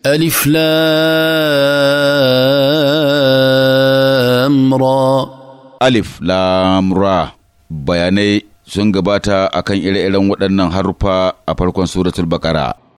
ألف لامرا bayanai sun gabata akan ire-iren waɗannan haruffa a farkon suratul bakara.